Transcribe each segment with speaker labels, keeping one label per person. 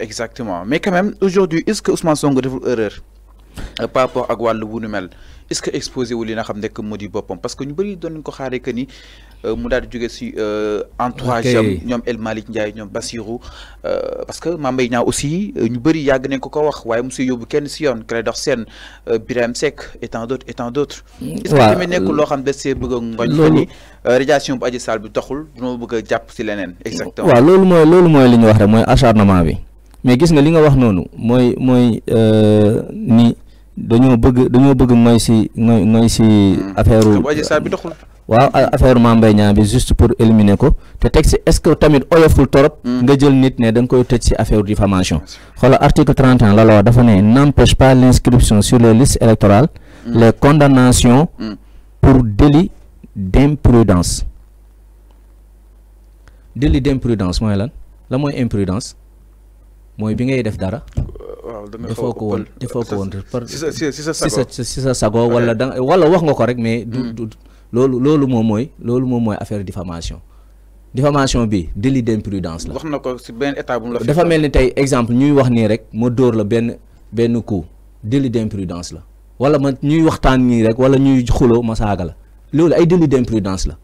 Speaker 1: exactement mais quand même aujourd'hui est-ce que Ousmane mensonge deful erreur euh, par rapport à quoi le est-ce que exposé ou li nga xam nekk parce que nous voulons donner ko que ni Euh, mu daal di jóge si euh, entourage am ñoom El Malick Ndiaye ñoom Bassirou euh, parce que Mame Mbaye Niang aussi ñu bëri yàgg nañ ko ko wax waaye mu si yóbbu kenn si yoon Clédor Sène Birame Seck et tant d'autres et tant d'autres mm. est-ce que nekk loo xam ne see bëgg a ngoñ ko ni radiation bu bi doxul duma bëgg a jàpp si leneen exactement waaw loolu
Speaker 2: mooy loolu mooy li ñu wax rek mooy acharnement bi mais gis nga li nga wax noonu mooy mooy ni dañoo bëgg dañoo bëgg mooy si mooy mooy si mm. affaire bu Adji Sarr bi doxul affaire juste pour éliminer ko te est-ce que tamit oyoful torop mm. nga jël nit affaire diffamation article 31 la loi dafa n'empêche pas l'inscription sur les listes électorales mm. les condamnations mm. pour délit d'imprudence délit d'imprudence moi lan la moins imprudence moi bi ngay def dara
Speaker 1: si
Speaker 2: lolu lolu moom mooy loolu affaire diffamation diffamation bi délit d'imprudence la.
Speaker 1: waxna ko ci état bu la. dafa melni tay
Speaker 2: exemple ñuy wax ni rek la délit d'imprudence la wala man ñuy waxtaan nii rek wala ñuy xulo ma la ay délit d'imprudence la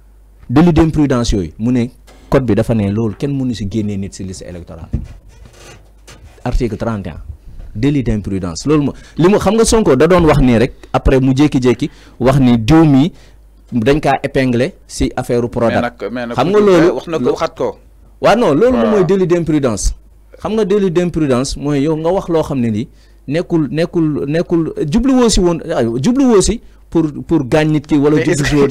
Speaker 2: délit d'imprudence yo. mu ne code bi dafa ne lolu ken mënu ci nit ci liste électorale article 31 délit d'imprudence lolu limu xam nga Sonko da doon wax rek après mu jékki-jékki wax ni mi dañ ka épinglé si affaire product xam nga lolu wax na ko xat ko wa non lolu délit d'imprudence xam nga délit d'imprudence moy yow nga wax lo xam ne nekul nekul nekul djublu wosi won
Speaker 1: djublu ah, wosi pour pour
Speaker 2: gagner nit ki wala jubluwoo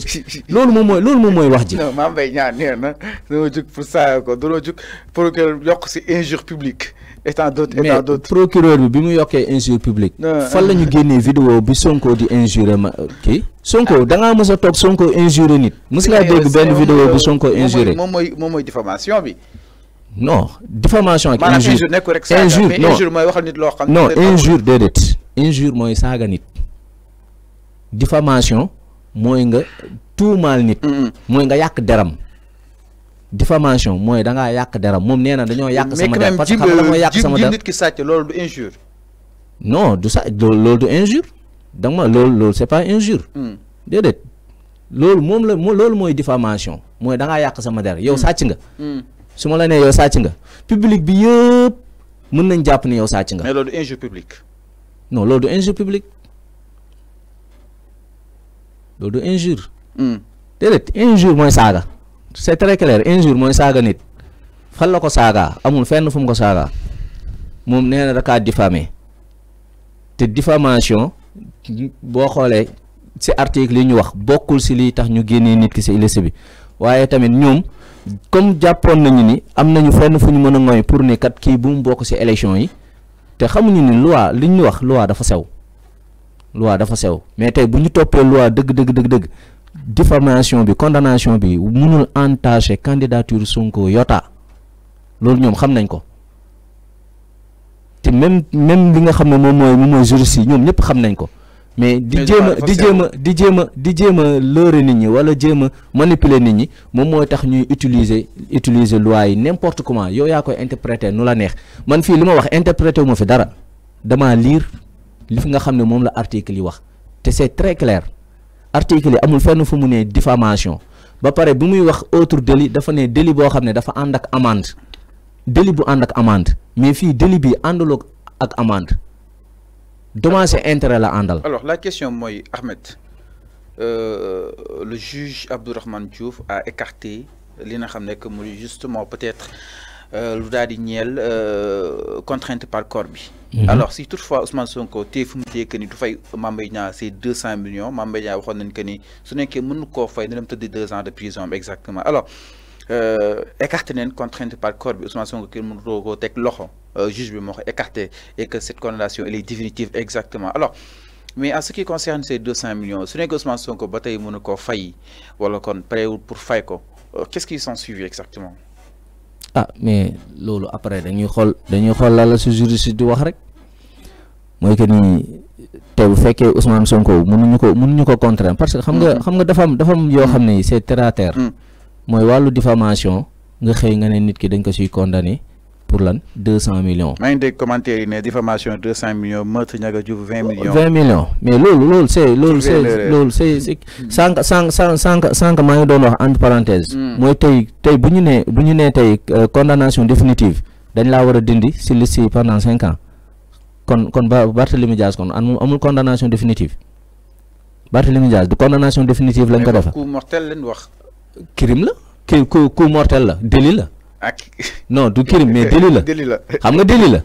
Speaker 2: lolu moom mooy loolu wax ji
Speaker 1: non. pour ça ko pour que yok ci injure publique état d'autre état
Speaker 2: procureur bi bi mu yokkee injure publique. fan euh, la ñu génnee vidéo bi Sonko di injuré ma kii. Sonko ah. da ngaa mës a toog Sonko injuré nit. mës laa dégg benn vidéo bu Sonko injuré. moom
Speaker 1: mooy moom diffamation bi.
Speaker 2: non diffamation ak. injure injure non injure mooy waxal nit loo xam. non injure déedéet. injure mooy saaga nit. diffamation mooy nga mal nit. Mm-hmm. mooy nga yàq deram. diffamation mooy da ngaa yàq deram moom nee na dañoo yàq sama der parce que xam nga moo yàq sama der
Speaker 1: nit loolu du injure
Speaker 2: non du sa loolu du injure da ma loolu loolu c'est pas injure hmm. déedéet moom la loolu mooy diffamation mooy da ngaa yàq sama der yow hmm. sàcc nga hmm. su ma la nee yow sàcc nga public bi yëpp mën nañ jàpp ni yow sàcc nga
Speaker 1: mais loolu du injure publique
Speaker 2: non loolu du injure publique loolu du injure déedéet injure mooy saaga c'est très clair injure mooy saaga nit fan la ko saagaa amul fenn fu ko saagaa moom nee na da kaa diffamé te diffamation boo xoolee si article yi ñu wax bokkul si lii tax ñu génnee nit ki ci liste bi waaye tamit ñoom comme jàppoon nañu ni am nañu fenn fu ñu mën a ngoy pour ne kat kii bu mu bokk ci élection yi te xamuñu ni loi li ñu wax loi dafa sew loi dafa sew mais tey bu ñu toppee loi dëgg dëgg dëgg dëgg déformation bi condamnation bi mënul entacher candidature Sonko yota ñom xam nañ ko même même li nga ne moy pas xam nañ ko mais di di di manipuler nit ñi tax utiliser utiliser loi n'importe comment yow ya koy interpréter nous neex man interpréter fi dara lire li nga la article yi c'est très clair article amul fenn fu mu ne diffamation ba paré bu muy wax autre délit dafa né délit bo xamné dafa and ak amende délit bu and ak amende mais fi délit bi ànduloo ak amende dommage intérêt la andal
Speaker 1: alors la question moy Ahmed euh, le juge Abdourahmane Diouf a écarté li nga que muy justement peut-être. Euh, lu daal euh, contrainte par corps bi. Mhm. alors si toutefois Ousmane Sonko téye fu mu téye que ni du fay c'est 200 millions Mame Mbaye Ce n'est que ni su nekkee mënu koo fay dina deux ans de prison exactement alors euh, écarté nañ contrainte par corps bi Ousmane Sonko kenn mënutoo koo teg loxo juge bi mort écarté et que cette condamnation elle est définitive exactement alors. mais en ce qui concerne ces 200 millions ce su nekk Ousmane Sonko ba tey mënu ou fay wala kon préwul pour fay ko qu'est-ce qui s'en suit exactement
Speaker 2: ah mais loolu après dañuy xool dañuy xol la la su juriste di wax rek mooy que ni te bu fekkee Ousmane Sonko mënuñu ko mënuñu ko contraindre parce que xam nga mm-hmm. xam nga dafa am dafa yoo xam ne mm-hmm. c'est terre à mm-hmm. mooy wàllu diffamation nga xëy nga ne nit ki dañ ko siy condamné pour lan 200 millions.
Speaker 1: Mais des commentaires, commentaire diffamation 200 millions meurtre Ndiaga Diouf 20 millions. 20
Speaker 2: millions mais loolu loolu c'est est c'est c' c'est loolu c' est sànq sànq que sànq doon wax entre parenthèses. Hmm. Moi, tey tey bu ñu nee bu ñu euh, condamnation définitive dañ la war dindi si liste pendant cinq ans kon kon ba Barthélémy Dias kon amul condamnation définitive Barthélémy Dias de condamnation définitive lañ ko coup
Speaker 1: mortel lañ wax.
Speaker 2: crime la coup coup mortel la délit non du crime mais délit la xam nga délit la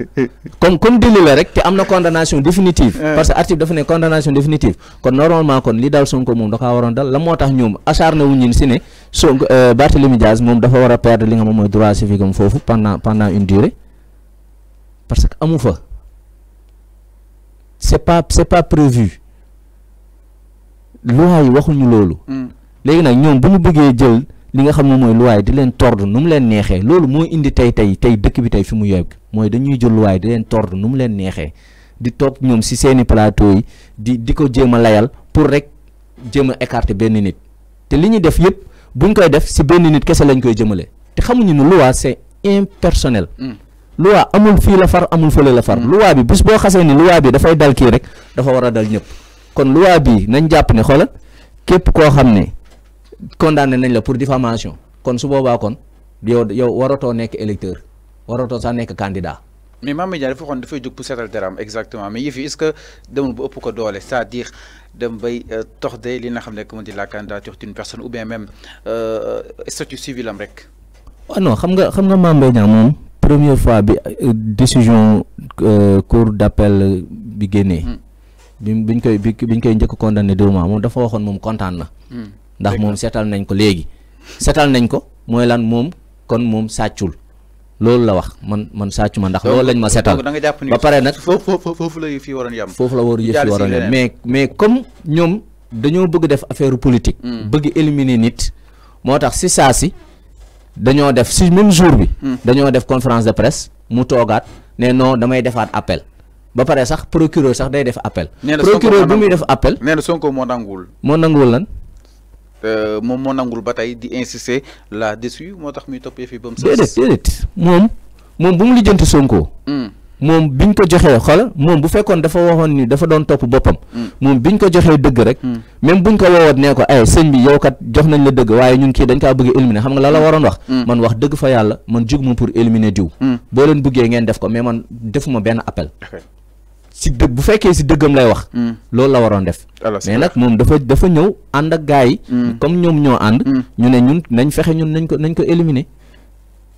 Speaker 2: comme comme délit la rek amna am condamnation définitive ah. parce que article dafa né condamnation définitive kon normalement kon li dal Sonko mom da ka waron dal la motax ñoom acharné wu ñin si ne Sonko euh, Diaz mom dafa wara perdre li nga mom moy droit civique am fofu pendant pendant une durée parce que amu fa c'est pas c'est pas prévu loi yi waxuñu loolu hmm. légui nak ñoom bu ñu bëggé jël li nga xam ne mooy luwaay di leen tord nu leen neexee loolu tey tey tey dëkk bi tey mu yegg mooy dañuy jël luwaay leen tord nu leen neexee di toog ñoom si seeni plateau yi di di ko jéem a layal pour rek jéem a écarter benn nit te li ñuy def yëpp buñ koy def si benn nit kese lañ koy jëmale te xamuñu ne loi c'est impersonnel hmm. loi amul fii la far amul fële la far hmm. luwaa bi bis boo xasee ni loi bi dafay dal kii rek dafa war a dal ñëpp kon luwaa bi nañ jàpp ne xoola képp koo xam ne condamné nañ la pour diffamation kon su boobaa kon yow yow waroto nek électeur waroto sa nek candidat.
Speaker 1: mais Mame Mbaye Niang dafa waxoon pour seetal deram exactement mais yëf est-ce que demul bu ëpp ko doole c'est-à-dire dem bay euh, tox de li nga xam ne comment dire la candidature d'une personne ou bien même euh, statut civil am rek.
Speaker 2: ah non xam nga xam nga Mame Mbaye mom première fois bi euh, décision cour d'appel bi génnee. Hmm. biñ koy biñ koy njëkk condamné deux mois moom dafa waxoon mom kontaan na. Hmm. ndax mom seetal nañ ko léegi seetal nañ ko moy lan mom kon mom satchul lolou la wax man man satchuma ndax lolou lañ ma seetal ba paré nak
Speaker 1: fofu la fi waron yam fofu la war yëf yi waroon yam mais
Speaker 2: mais comme dañoo bëgg def affaire politique hmm. bëgg éliminer nit motax si saa si dañoo def si même jour bi hmm. dañoo def conférence de presse mu togat né non damay defaat appel ba paré sax procureur sax day def appel procureur bu muy
Speaker 1: def appel né na sonko mo nangul
Speaker 2: mo nangul lan
Speaker 1: Euh, moom moo nangul ba tey di insister là dessus moo tax muy toppee fii ba mu. déedéet déedéet
Speaker 2: moom moom bu mu lijjanti Sonko. Hmm. moom biñ ko joxee xoola moom bu fekkoon dafa waxoon ni dafa doon topp boppam. Hmm. moom biñ ko joxee dëgg rek. Hmm. même buñ ko woowoon nee ko ay eh, sëñ bi yow kat jox nañ la dëgg waaye ngi kii dañ kaa bëgg éliminer xam nga la la waroon wax. man wax dëgg fa yàlla man jug ma pour éliminer diw. boo leen bëggee ngeen def ko mais man defuma benn appel. si dëgg bu fekkee si dëggam lay wax. Mm. loolu la waroon def. Ah, mais nag moom dafa dafa ñëw ànd ak gars yi. Mm. comme ñoom ñoo ànd. Mm. ñu ne ñun nañ fexe ñun nañ ko nañ ko éliminer.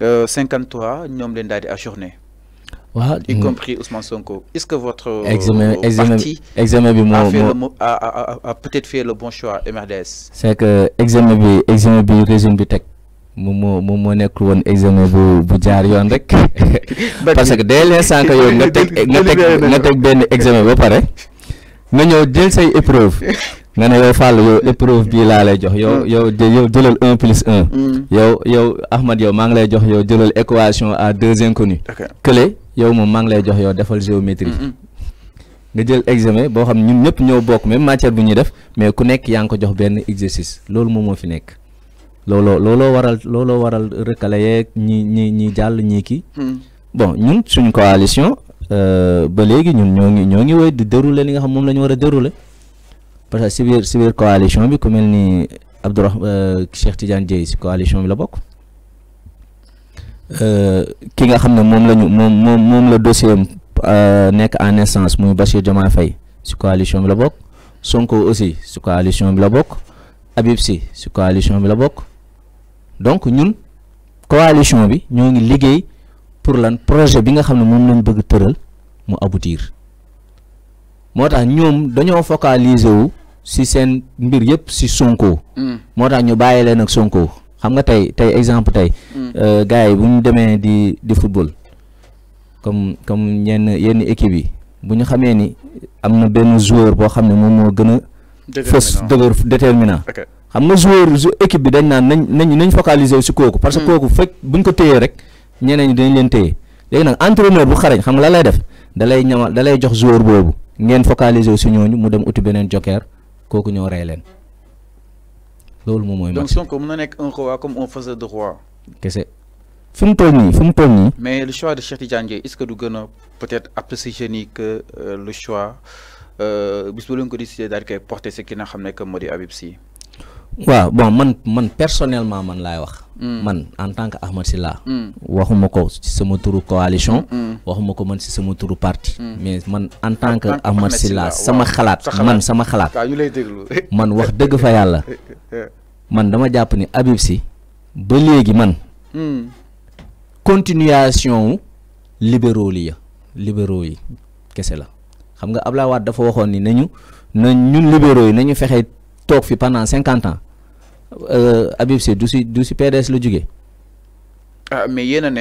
Speaker 1: 53 euh, nous leen daal à ajourné. y compris Ousmane Sonko est-ce que votre euh, examen examen a peut-être fait le bon choix MRDS.
Speaker 2: c'est que l'examen, bi examen le régime bi je suis moo moom moo nekkul examen bu bu parce que dès le que yow nga teg nga teg nga teg benn examen ba pare nga ñëw épreuve. nga ne yow Fall yow épreuve bii laa lay jox yow mm. yow yow jëlal un plus un mm. yow yow Ahmad yow maa ngi lay jox yow jëlal équation à deux inconnus kële yow moom maa ngi lay jox yow defal géométrie nga jël examen boo xam ñu ñëpp ñoo bokk même matière bi ñuy def mais ku nekk yaa ngi ko jox benn exercice loolu moom moo fi nekk looloo looloo waral looloo waral rëkkale yeeg ñi ñi ñi jàll ñii kii mm. bon ñun suñu coalition euh, ba léegi ñun ñoo ngi ñoo ngi woy di dérouler nga xam moom la ñu war a dérouler parce que si biir si biir coalition bi ku mel ni Abdourahmane euh, Cheikh Tidiane Dieye si coalition bi la bokk euh, ki nga xam ne moom lañu moom moom moom la dossier euh, nekk en essence muy Bassirou Diomaye Faye si coalition bi la bokk Sonko aussi si coalition bi la bokk Habib Sy si coalition bi la bokk donc ñun coalition bi ñoo ngi liggéey pour lan projet bi nga xam ne moom lañ bëgg tëral mu aboutir moo tax ñoom dañoo focaliser wu si seen mbir yëpp si Sonko. Hmm. moo tax ñu bàyyi leen ak Sonko xam nga tey tey exemple tey. Hmm. Euh, gars yi bu ñu demee di di football comme comme yenn yenn équipe yi bu ñu xamee ni am na benn joueur boo xam ne moom moo gën a. fës dëgër déterminant. xam nga joueur équipe bi dañ naan nañ nañ nañ focaliser si kooku. parce que hmm. kooku fekk buñ ko téyee rek ñeneen ñi dañ leen téye léegi nag entraîneur bu xarañ xam nga la lay def da lay ñamal da lay jox joueur boobu ngeen focaliser si ñooñu mu dem uti beneen joker. kooku ñoo rey leen loolu moom mooy. donc Sonko
Speaker 1: mun na nekk un roi comme un faiseur de roi.
Speaker 2: kese fi mu toll nii fi mu toll
Speaker 1: mais le choix de Cheikh Tidiane Dièye est-ce que du gën a peut-être apprécié jeunes yi que euh, le choix euh, bis bu leen ko décidé daal di koy porté si ki na xam ne que moo di Habib Sy. waaw bon
Speaker 2: man man personnellement man laay wax. Mm. man en tant que Ahmed Sylla mm. waxuma ko ci sama turu coalition. Mm. waxuma ko man si sama turu parti. mais man en tant que Ahmed Sylla sama xalaat man sama xalaat. ñu
Speaker 1: lay man wax dëgg fa yàlla
Speaker 2: man dama jàpp ni Habib si ba léegi man. continuation wu libéraux li ya libéraux yi kese la xam nga Abdoulaye Wade dafa waxoon ni nañu na ñun libéraux yi nañu fexe toog fi pendant cinquante ans. Euh, Habib Sy du si du si PDS la jógee.
Speaker 1: ah mais yéen